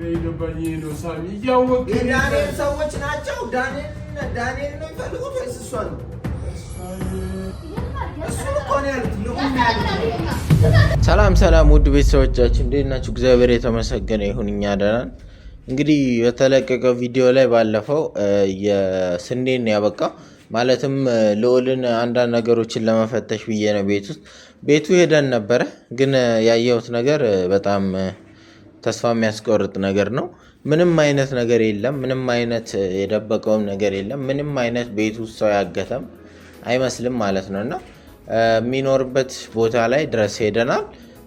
ግራ የገባኝ ይሄ ነው። ሳሚ እያወቅ የዳንኤል ሰዎች ናቸው። ዳንኤል ነው የሚፈልጉት ወይስ እሷ ነው? ሰላም ሰላም፣ ውድ ቤተሰቦቻችን እንዴት ናችሁ? እግዚአብሔር የተመሰገነ ይሁን፣ እኛ ደህና ነን። እንግዲህ በተለቀቀው ቪዲዮ ላይ ባለፈው የስንዴን ያበቃ ማለትም ልዑልን አንዳንድ ነገሮችን ለመፈተሽ ብዬ ነው ቤት ውስጥ ቤቱ ሄደን ነበረ፣ ግን ያየሁት ነገር በጣም ተስፋ የሚያስቆርጥ ነገር ነው። ምንም አይነት ነገር የለም። ምንም አይነት የደበቀውም ነገር የለም። ምንም አይነት ቤት ውስጥ ሰው ያገተም አይመስልም ማለት ነው እና የሚኖርበት ቦታ ላይ ድረስ ሄደናል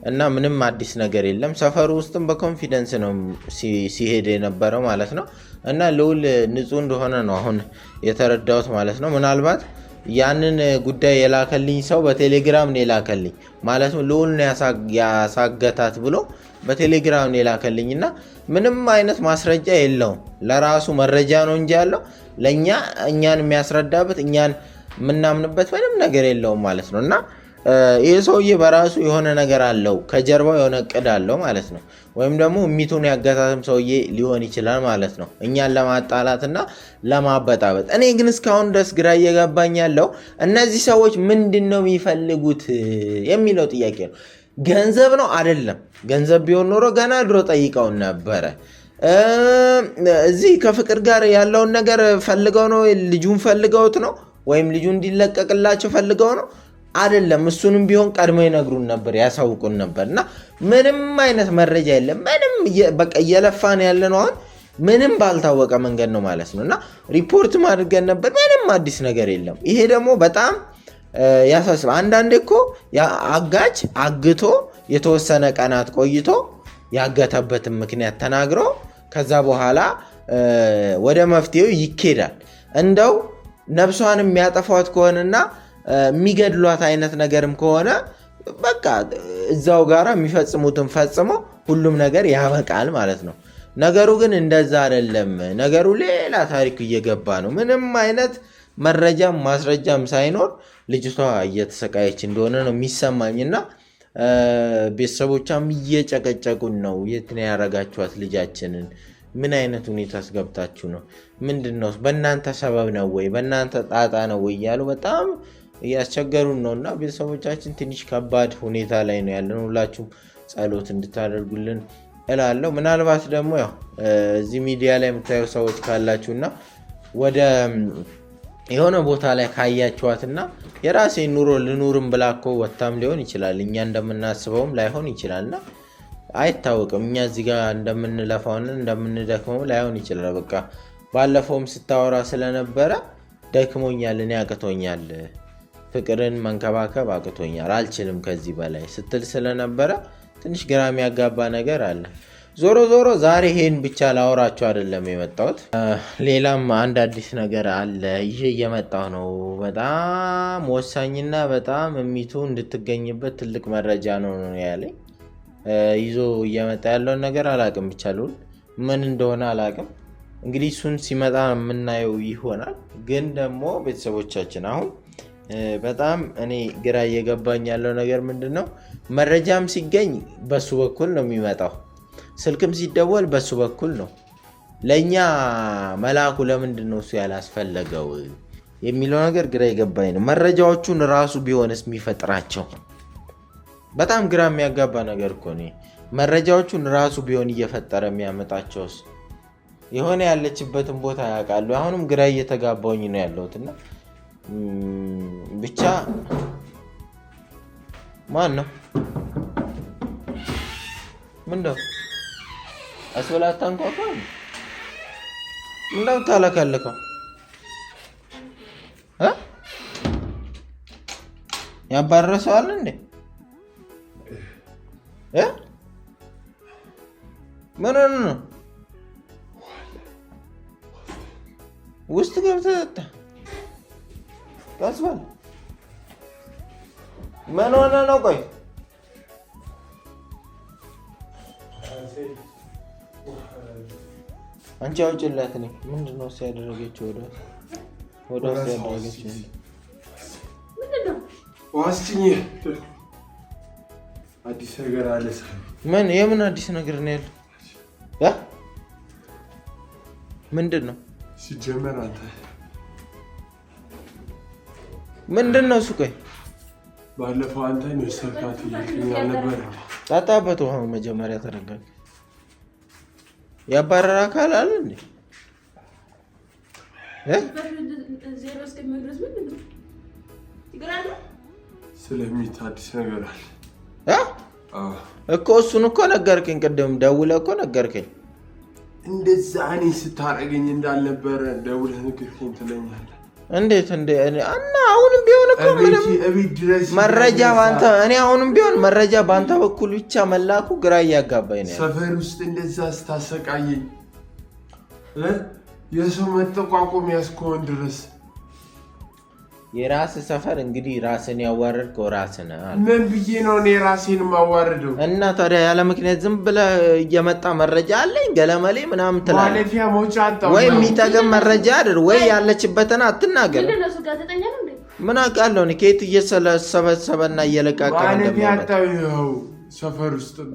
እና ምንም አዲስ ነገር የለም። ሰፈሩ ውስጥም በኮንፊደንስ ነው ሲሄድ የነበረው ማለት ነው እና ልውል ንጹህ እንደሆነ ነው አሁን የተረዳሁት ማለት ነው። ምናልባት ያንን ጉዳይ የላከልኝ ሰው በቴሌግራም ነው የላከልኝ ማለት ነው ልውል ያሳገታት ብሎ በቴሌግራም የላከልኝ እና ምንም አይነት ማስረጃ የለውም። ለራሱ መረጃ ነው እንጂ ያለው ለእኛ እኛን የሚያስረዳበት እኛን የምናምንበት ምንም ነገር የለውም ማለት ነው እና ይህ ሰውዬ በራሱ የሆነ ነገር አለው፣ ከጀርባው የሆነ እቅድ አለው ማለት ነው። ወይም ደግሞ ሚቱን ያጋታትም ሰውዬ ሊሆን ይችላል ማለት ነው፣ እኛን ለማጣላትና ለማበጣበጥ። እኔ ግን እስካሁን ድረስ ግራ እየገባኝ ያለው እነዚህ ሰዎች ምንድን ነው የሚፈልጉት የሚለው ጥያቄ ነው። ገንዘብ ነው አይደለም። ገንዘብ ቢሆን ኖሮ ገና ድሮ ጠይቀውን ነበረ። እዚህ ከፍቅር ጋር ያለውን ነገር ፈልገው ነው፣ ልጁን ፈልገውት ነው ወይም ልጁ እንዲለቀቅላቸው ፈልገው ነው አይደለም። እሱንም ቢሆን ቀድሞ ይነግሩን ነበር፣ ያሳውቁን ነበር። እና ምንም አይነት መረጃ የለም። ምንም በቃ እየለፋን ያለ ነው አሁን ምንም ባልታወቀ መንገድ ነው ማለት ነው። እና ሪፖርት አድርገን ነበር፣ ምንም አዲስ ነገር የለም። ይሄ ደግሞ በጣም ያሳስብ። አንዳንዴ እኮ አጋች አግቶ የተወሰነ ቀናት ቆይቶ ያገተበትን ምክንያት ተናግሮ ከዛ በኋላ ወደ መፍትሄው ይኬዳል። እንደው ነፍሷን የሚያጠፏት ከሆነና የሚገድሏት አይነት ነገርም ከሆነ በቃ እዛው ጋር የሚፈጽሙትን ፈጽሞ ሁሉም ነገር ያበቃል ማለት ነው። ነገሩ ግን እንደዛ አይደለም። ነገሩ ሌላ ታሪክ እየገባ ነው። ምንም አይነት መረጃም ማስረጃም ሳይኖር ልጅቷ እየተሰቃየች እንደሆነ ነው የሚሰማኝ እና ቤተሰቦቿም እየጨቀጨቁን ነው። የት ነው ያረጋችኋት ልጃችንን? ምን አይነት ሁኔታ አስገብታችሁ ነው? ምንድን ነው በእናንተ ሰበብ ነው ወይ በእናንተ ጣጣ ነው ወይ እያሉ በጣም እያስቸገሩን ነው እና ቤተሰቦቻችን ትንሽ ከባድ ሁኔታ ላይ ነው ያለን። ሁላችሁም ጸሎት እንድታደርጉልን እላለሁ። ምናልባት ደግሞ ያው እዚህ ሚዲያ ላይ የምታዩ ሰዎች ካላችሁ እና ወደ የሆነ ቦታ ላይ ካያችኋትና የራሴ ኑሮ ልኑርም ብላኮ ወታም ሊሆን ይችላል። እኛ እንደምናስበውም ላይሆን ይችላልና አይታወቅም። እኛ እዚህ ጋር እንደምንለፋውን እንደምንደክመው ላይሆን ይችላል። በቃ ባለፈውም ስታወራ ስለነበረ ደክሞኛል፣ እኔ አቅቶኛል፣ ፍቅርን መንከባከብ አቅቶኛል፣ አልችልም ከዚህ በላይ ስትል ስለነበረ ትንሽ ግራም ያጋባ ነገር አለ። ዞሮ ዞሮ ዛሬ ይሄን ብቻ ላወራቸው አይደለም የመጣሁት። ሌላም አንድ አዲስ ነገር አለ ይዤ እየመጣሁ ነው። በጣም ወሳኝና በጣም እሚቱ እንድትገኝበት ትልቅ መረጃ ነው ነው ያለኝ። ይዞ እየመጣ ያለውን ነገር አላቅም፣ ብቻ ልሁን ምን እንደሆነ አላቅም። እንግዲህ እሱን ሲመጣ የምናየው ይሆናል። ግን ደግሞ ቤተሰቦቻችን አሁን በጣም እኔ ግራ እየገባኝ ያለው ነገር ምንድን ነው፣ መረጃም ሲገኝ በሱ በኩል ነው የሚመጣው ስልክም ሲደወል በሱ በኩል ነው። ለእኛ መልአኩ ለምንድን ነው እሱ ያላስፈለገው የሚለው ነገር ግራ የገባኝ ነው። መረጃዎቹን ራሱ ቢሆንስ የሚፈጥራቸው በጣም ግራ የሚያጋባ ነገር እኮ ነው። መረጃዎቹን ራሱ ቢሆን እየፈጠረ የሚያመጣቸውስ የሆነ ያለችበትን ቦታ ያውቃሉ። አሁንም ግራ እየተጋባውኝ ነው ያለሁትና ብቻ ማን ነው ምንድነው ቀስ ብለህ አታንኳኳ። እንደው ታለከልከው እ ያባረሰዋል እንዴ እ ምን ነው ውስጥ ገብተህ ጠጣ። ቀስ በል ምን ሆነ ነው? ቆይ አንቺ አውጭላት። እኔ ምንድን ነው ሲያደረገችው? ወደ ወደ ሲያደረገችው አዲስ ነገር አለ። ምን የምን አዲስ ነገር ነው ያለ? ምንድን ነው ሲጀመር? አንተ ምንድን ነው እሱ? ባለፈው አንተ ነው ሰርካት ይልኛል ነበር። ጣጣበት ውሃ መጀመሪያ ተረጋጋ። ያባረረ አካል አለ እንዴ? ስለሚት አዲስ ነገር አለ እኮ እሱን እኮ ነገርከኝ። ቅድም ደውለህ እኮ ነገርከኝ። እንደዛ እኔ ስታረገኝ እንዳልነበረ ደውለህ ንግርከኝ ትለኛለህ እንዴት እንደ እኔ እና አሁንም ቢሆን እኮ ምንም መረጃ ባንተ እኔ አሁንም ቢሆን መረጃ ባንተ በኩል ብቻ መላኩ ግራ እያጋባኝ ነው። ሰፈር ውስጥ እንደዛ ስታሰቃየኝ የሰው መጠቋቆም ያስከሆን ድረስ የራስ ሰፈር እንግዲህ ራስን ያዋረድከው ራስ ነህ። ምን ብዬ ነው እኔ ራሴን የማዋረደው? እና ታዲያ ያለ ምክንያት ዝም ብለህ እየመጣ መረጃ አለኝ ገለመሌ ምናምን ትላለህ ወይ? የሚጠቅም መረጃ አድር ወይ? ያለችበትን አትናገር። ምን አውቃለሁ እኔ ከየት እየሰበሰበና እየለቃቀመ ማለፊያ አጣሁ። ይኸው ሰፈር ውስጥም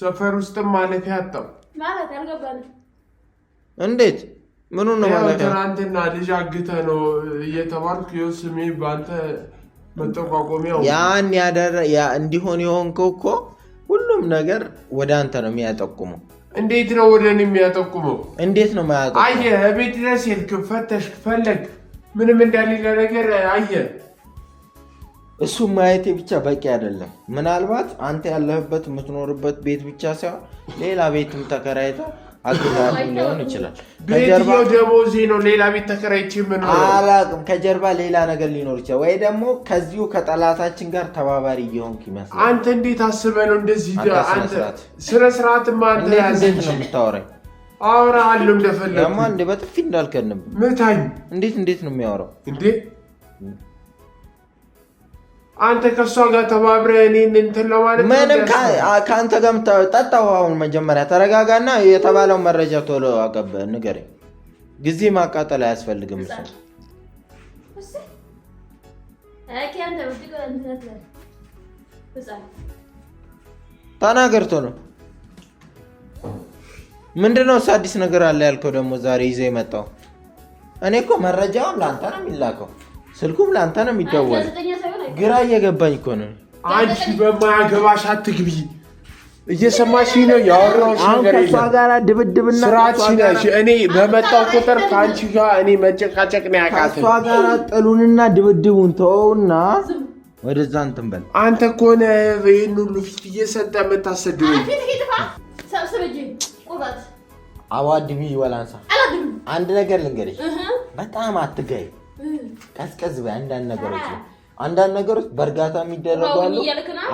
ሰፈር ውስጥም ማለፊያ አጣሁ። እንዴት ምኑ ነው ማለት ትናንትና ልጅ አግተ ነው እየተባልኩ ይኸው ስሜ በአንተ መጠቋቆሚያው ያን ያደረ እንዲሆን የሆንከው እኮ ሁሉም ነገር ወደ አንተ ነው የሚያጠቁመው። እንዴት ነው ወደ እኔ የሚያጠቁመው? እንዴት ነው ማያ አየ እቤት ድረስ ሄድክ፣ ፈተሽክ፣ ፈለግ፣ ምንም እንደሌለ ነገር አየ። እሱ ማየቴ ብቻ በቂ አይደለም። ምናልባት አንተ ያለህበት የምትኖርበት ቤት ብቻ ሳይሆን ሌላ ቤትም ተከራይተህ አግዛልኝ ሊሆን ይችላል። ከጀርባ ደሞዜ ነው ሌላ ቤት ተከራይቼ ምን አላውቅም። ከጀርባ ሌላ ነገር ሊኖር ይችላል፣ ወይ ደግሞ ከዚሁ ከጠላታችን ጋር ተባባሪ እየሆንክ ይመስላል። አንተ እንዴት አስበህ ነው እንደዚህ? ስነ ስርዓትማ አንተ እንዴት ነው የምታወራኝ? አወራሃለሁ እንደፈለግኩ። ለማ እንደ በጥፊ እንዳልከንም ምታኝ። እንዴት እንዴት ነው የሚያወራው እንዴ? አንተ ከእሷ ጋር ተባብረህ እንትን ለማለት ምንም ከአንተ ጋር ጠጣሁ። አሁን መጀመሪያ ተረጋጋና የተባለው መረጃ ቶሎ አቀበ ንገረኝ። ጊዜ ማቃጠል አያስፈልግም። ተናገር ቶሎ። ምንድነው እሱ አዲስ ነገር አለ ያልከው ደግሞ ዛሬ ይዘህ የመጣው? እኔ እኮ መረጃውም ለአንተ ነው የሚላከው ስልኩም ለአንተ ነው የሚደወል። ግራ እየገባኝ እኮ ነው። አንቺ በማያገባሽ አትግቢ። እየሰማሽ ነው ያወራሁሽ ነገር የለም። ስርዓት ነሽ። እኔ በመጣው ቁጥር ከአንቺ ጋር እኔ መጨቃጨቅ ነው ያቃተኝ። ከእሷ ጋር ጥሉንና ድብድቡን ተውና ወደዛ እንትን በል። አንተ እኮ ነህ ይህን ሁሉ ፊት እየሰጠ የምታሰድበኝ። አዋድቢ ወላንሳ፣ አንድ ነገር ልንገርሽ፣ በጣም አትጋይ ቀዝቀዝ በይ። አንዳንድ ነገሮች አንዳንድ ነገሮች በእርጋታ የሚደረጉ አሉ።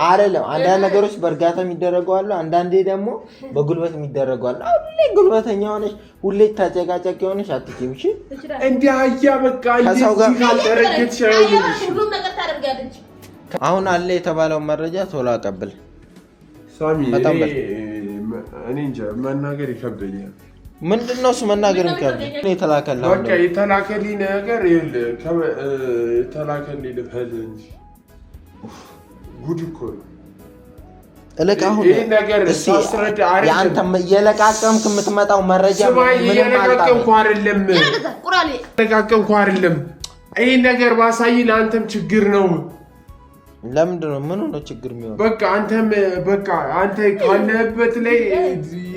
አይደለም አንዳንድ ነገሮች በእርጋታ የሚደረጉ አሉ። አንዳንዴ ደግሞ በጉልበት የሚደረጉ አሉ። ሁሌ ጉልበተኛ ሆነሽ፣ ሁሌ ታጨቃጨቅ የሆነሽ አትችም። እሺ እንዲህ አያ በቃ ከሰው ጋር አሁን አለ የተባለውን መረጃ ቶሎ አቀብል ሳሚ። እኔ እንጃ መናገር ይከብደኛል። ምንድን ነው እሱ መናገር የሚከብድ የተላከልህ በቃ የተላከልኝ ነገር የለ የተላከልኝ ልበል እንጂ ጉድ እኮ ነው። እልቅ አሁን የአንተ እየለቃቀምክ የምትመጣው መረጃ እየለቃቀምኩ አይደለም እየለቃቀምኩ አይደለም። ይህ ነገር ባሳይ ለአንተም ችግር ነው። ለምንድን ነው ምን ሆነ ችግር የሚሆነው? በቃ አንተም በቃ አንተ ካለህበት ላይ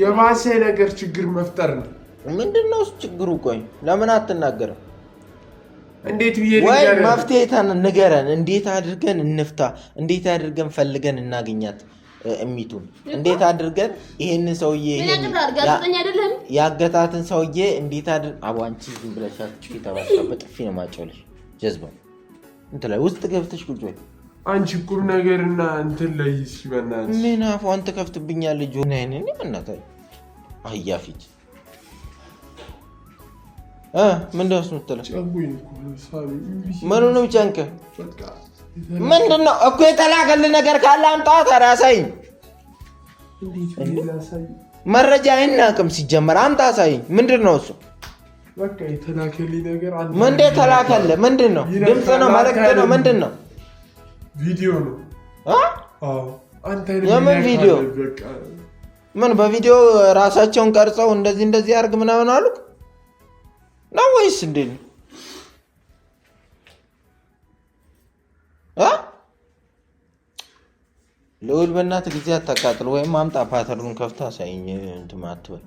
የባሰ ነገር ችግር መፍጠር ነው። ምንድን ነው ችግሩ? ቆይ ለምን አትናገርም? እንዴት ብዬ ወይ መፍትሄ ንገረን። እንዴት አድርገን እንፍታ? እንዴት አድርገን ፈልገን እናገኛት እሚቱን? እንዴት አድርገን ይህን ሰውዬ ያገታትን ሰውዬ እንዴት አድር አቧንቺ ዝም ብለሻ ተባ በጥፊ ነው ማጨውልሽ ጀዝባ እንትን ላይ ውስጥ ገብተሽ ቁጭ በይ አንቺ ቁም እና እንትን ላይ በናት ምን አንተ አፏን ትከፍትብኛለች? ጆን አይነን ምናታ አህያ ፊት ምንድነው ምትለ ምኑ ነው ጨንቅ ምንድነው እኮ የተላከል ነገር ካለ አምጣ ታዲያ አሳይኝ። መረጃ አይናቅም ሲጀመር አምጣ አሳይኝ። ምንድን ነው እሱ? ምንድ ተላከል ምንድን ነው? ድምፅ ነው? መልዕክት ነው? ምንድን ነው? ቪዲዮ ነው። የምን ቪዲዮ? ምን በቪዲዮ ራሳቸውን ቀርጸው እንደዚህ እንደዚህ ያርግ ምናምን አሉ ነው ወይስ እንዴት ነው? ልዑል በእናትህ ጊዜ አታቃጥል፣ ወይም አምጣ ፓተርኑን ከፍታ ሳይኝ እንትን አትበል።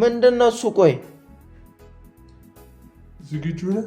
ምንድን ነው እሱ? ቆይ ዝግጁ ነህ?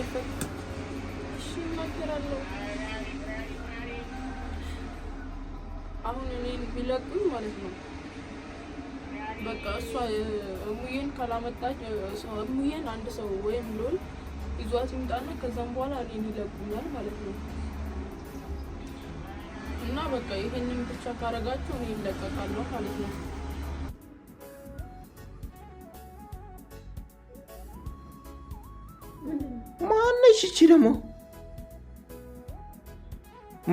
አለበት። እሺ እናገራለሁ። አሁን እኔን ቢለቁኝ ማለት ነው በቃ እሷ እሙዬን ካላመጣች እሙዬን አንድ ሰው ወይም ሎል ይዟት ይምጣና ከዛም በኋላ እኔን ይለቁኛል ማለት ነው። እና በቃ ይሄንን ብቻ ካረጋችሁ እኔ ይለቀቃለሁ ማለት ነው። እቺ ደግሞ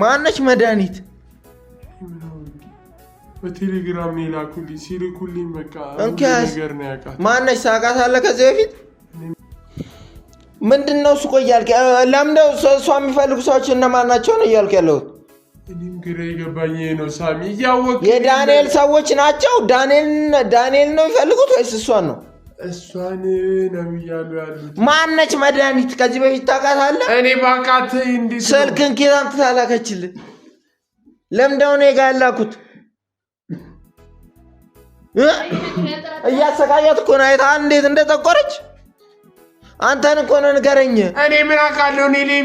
ማነች? መድኃኒት በቴሌግራም የላኩልኝ ሲልኩልኝ፣ በቃ ማነች? ሳቃት አለ ከዚህ በፊት ምንድን ነው እሱ? ቆይ እሷ የሚፈልጉ ሰዎች እነማን ናቸው ነው እያልክ ያለሁት? እኔም ግራ የገባኝ ነው ሳሚ። እያወቅህ የዳንኤል ሰዎች ናቸው። ዳንኤል ነው የሚፈልጉት ወይስ እሷን ነው? እሷን ነው እያሉ ያሉት። ማነች መድኃኒት? ከዚህ በፊት ታውቃታለህ? እኔ ባቃት እንዲ ስልክን ኬት አምጥታ ላከችልህ? ለምደው እኔ ጋ ያላኩት እያሰቃያት እኮ ነው። እንዴት እንደጠቆረች? አንተን እኮ ነው ንገረኝ። እኔ ምን አውቃለሁ? እኔ ላይ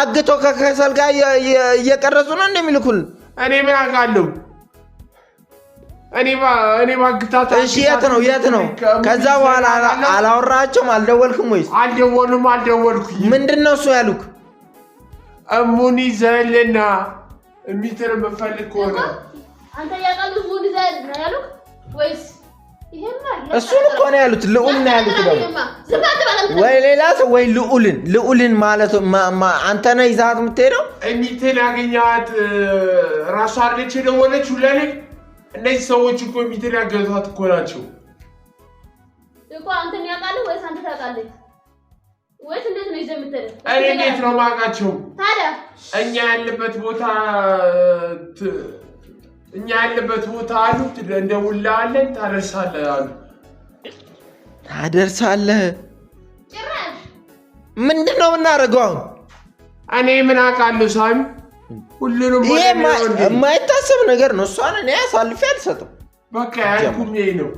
አግቶ ከከሰል ጋር እየቀረጹ ነው እንደሚልኩል እኔ ምን አውቃለሁ? እሺ የት ነው የት ነው? ከዛ በኋላ አላወራቸውም? አልደወልክም ወይስ? አልደወሉም አልደወልኩኝ። ምንድን ነው እሱ ያሉክ? እሙን ይዘህልና እሚትን የምፈልግ ከሆነ እሱን እኮ ነው ያሉት። ልዑል ነው ያሉት ደግሞ ወይ ሌላ ሰው ወይ ልዑልን ልዑልን ማለት አንተ ነህ ይዛት የምትሄደው እሚትን ያገኛት ራሷ አለች የደወለችው ለኔ እነዚህ ሰዎች እኮ ሚትን ያገዟት እኮ ናቸው እኮ። አንተ የሚያውቃለህ ወይስ አንተ ታውቃለህ ወይስ እንዴት ነው ይዘህ የምትሄደው? እኔ እንዴት ነው የማውቃቸው ታዲያ? እኛ ያለበት ቦታ እኛ ያለበት ቦታ አሉት። እንደውልሃለን፣ ታደርሳለህ አሉ። ታደርሳለህ ጭራሽ። ምንድን ነው የምናደርገው አሁን? እኔ ምን አውቃለሁ ሳሚ የማይታሰብ ነገር ነው። እሷን እኔ አሳልፌ አልሰጥም። በቃ ያልኩም ይሄ ነው።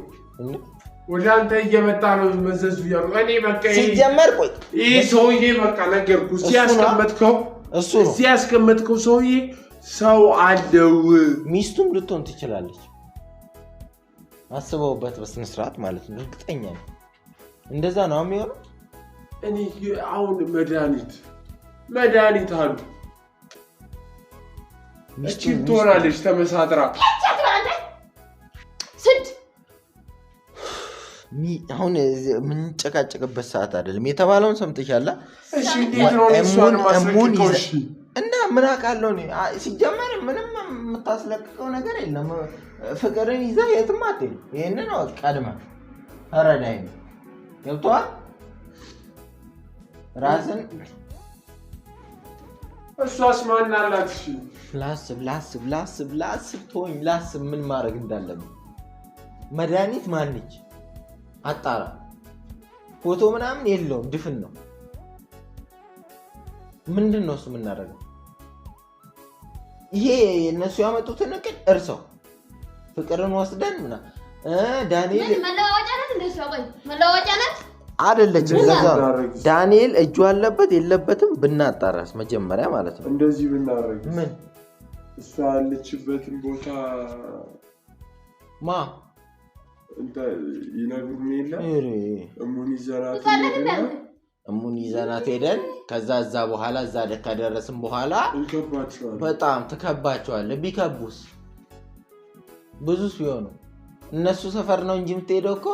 ወደ አንተ እየመጣ ነው መዘዙ እያሉ እኔ በቃ ሲጀመር ቆይ ይህ ሰውዬ በቃ ነገርኩ ሲያስቀመጥከው እሱ ሲያስቀመጥከው ሰውዬ ሰው አለው። ሚስቱም ልትሆን ትችላለች። አስበውበት በስነስርዓት ማለት ነው። እርግጠኛ ነው። እንደዛ ነው የሚሆነው። እኔ አሁን መድኃኒት መድኃኒት አሉ እቺ ትሆናለች ተመሳጥራ አሁን የምንጨቃጨቅበት ሰዓት አይደለም። የተባለውን ሰምተሻል። እና ምን አውቃለሁ ሲጀመር ምንም የምታስለቅቀው ነገር የለም። ፍቅርን ይዛ የትም አትሄድም። ይህንን ቀድመ ረዳይ ገብተዋል ራስን እሷስ እሺ ላስብ ላስብ ላስብ ላስብ ላስብ ምን ማድረግ እንዳለብን። መድኃኒት ማንች አጣራ። ፎቶ ምናምን የለውም ድፍን ነው። ምንድን ነው እሱ የምናደርገው? ይሄ እነሱ ያመጡትን እቅድ እርሰው ፍቅርን ወስደን ዳንኤል መለዋወጫ ናት፣ እንደሱ መለዋወጫ ናት አደለችም። ለዛ ዳንኤል እጁ አለበት የለበትም ብናጣራስ መጀመሪያ ማለት ነው። እንደዚህ ብናረግ ምን እሷ ያለችበትን ቦታ ማ ይነግሩን የለ እሙን ይዘናት እሙን ይዘናት ሄደን ከዛ እዛ በኋላ እዛ ከደረስም በኋላ በጣም ትከባቸዋለህ። ቢከቡስ ብዙስ ቢሆኑ እነሱ ሰፈር ነው እንጂ የምትሄደው እኮ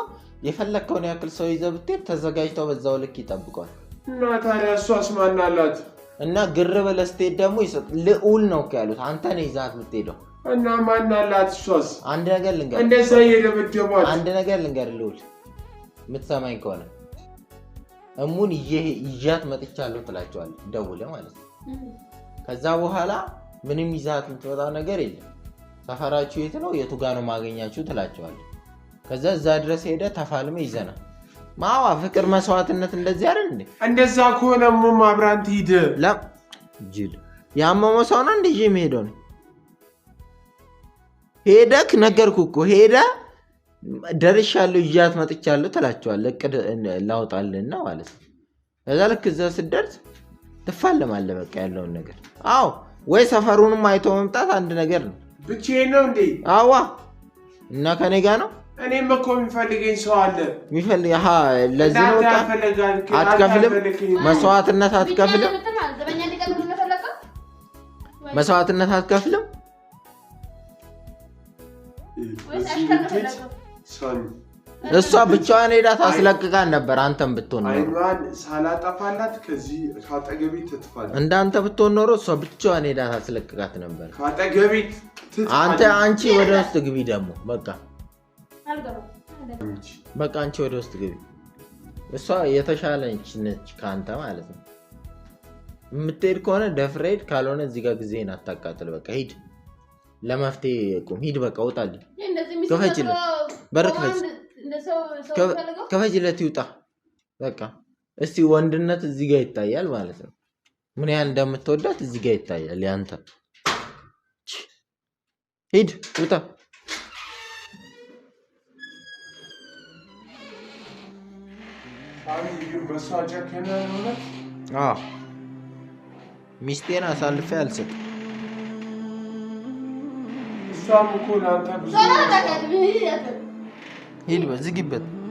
የፈለግከውን ያክል ሰው ይዘህ ብትሄድ ተዘጋጅተው በዛው ልክ ይጠብቋል። እና ታዲያ እሱ አስማና አላት እና ግር ብለህ ስትሄድ ደግሞ ልዑል ነው እኮ ያሉት አንተ ነህ ይዘሃት የምትሄደው። እና ማን አላት እሷስ? አንድ ነገር ልንገርህ፣ እንደዛ እየደበደቧት አንድ ነገር ልንገር ልዑል፣ የምትሰማኝ ከሆነ እሙን ይዣት መጥቻለሁ ትላቸዋለህ፣ ደውለህ ማለት ነው። ከዛ በኋላ ምንም ይዛት የምትመጣው ነገር የለም ሰፈራችሁ የት ነው? የቱ ጋ ነው ማገኛችሁ? ትላቸዋል ከዛ እዛ ድረስ ሄደ ተፋልመ ይዘና ማዋ ፍቅር፣ መስዋዕትነት እንደዚህ አይደል እንዴ? እንደዛ ከሆነ ሞ አብራን ሂድ ጅል ያመመ ሰው ነው እንደ የሚሄደው ነው። ሄደክ ነገርኩ እኮ ሄደ ደርሻለሁ፣ እያት መጥቻለሁ ትላቸዋል እቅድ ላውጣልና ማለት ነው። ከዛ ልክ እዛ ስደርስ ትፋለማለ በቃ ያለውን ነገር። አዎ ወይ ሰፈሩንም አይቶ መምጣት አንድ ነገር ነው። ብቻዬን ነው እንዴ? አዋ እና ከኔ ጋ ነው። እኔም እኮ የሚፈልገኝ ሰው አለ። የሚፈልግ ለዚህ ነው። አትከፍልም፣ መስዋዕትነት አትከፍልም፣ መስዋዕትነት አትከፍልም። እሷ ብቻዋን ሄዳ ታስለቅቃን ነበር። አንተም ብትሆን አይኗን ሳላጠፋላት ከዚህ ከአጠገቤ ትጥፋለች። እንዳንተ ብትሆን ኖሮ እሷ ብቻዋን ሄዳ ታስለቅቃት ነበር። ከአጠገቤ አንተ አንቺ ወደ ውስጥ ግቢ ደግሞ በቃ በቃ አንቺ ወደ ውስጥ ግቢ። እሷ የተሻለች ነች ከአንተ ማለት ነው። የምትሄድ ከሆነ ደፍረህ ሂድ፣ ካልሆነ እዚህ ጋር ጊዜህን አታቃጥል። በቃ ሂድ፣ ለመፍትሄ ቁም። ሂድ በቃ ውጣልኝ። ክፈችልኝ፣ በር ክፈች ከፈጅለት ይውጣ። በቃ እስቲ ወንድነት እዚህ ጋር ይታያል ማለት ነው። ምን ያህል እንደምትወዳት እዚህ ጋር ይታያል። ያንተ ሂድ ውጣ። ሚስቴን አሳልፌ አልሰጥ እሷም እኮ ለአንተ ብዙ Hilvezi Gibbet.